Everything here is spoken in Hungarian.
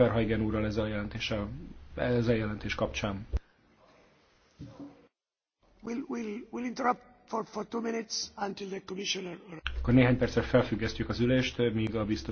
Ferhajgen úrral ez a jelentés, ez a jelentés kapcsán. We'll, we'll, we'll interrupt for, for two minutes until the commissioner... Akkor néhány percre felfüggesztjük az ülést, míg a biztos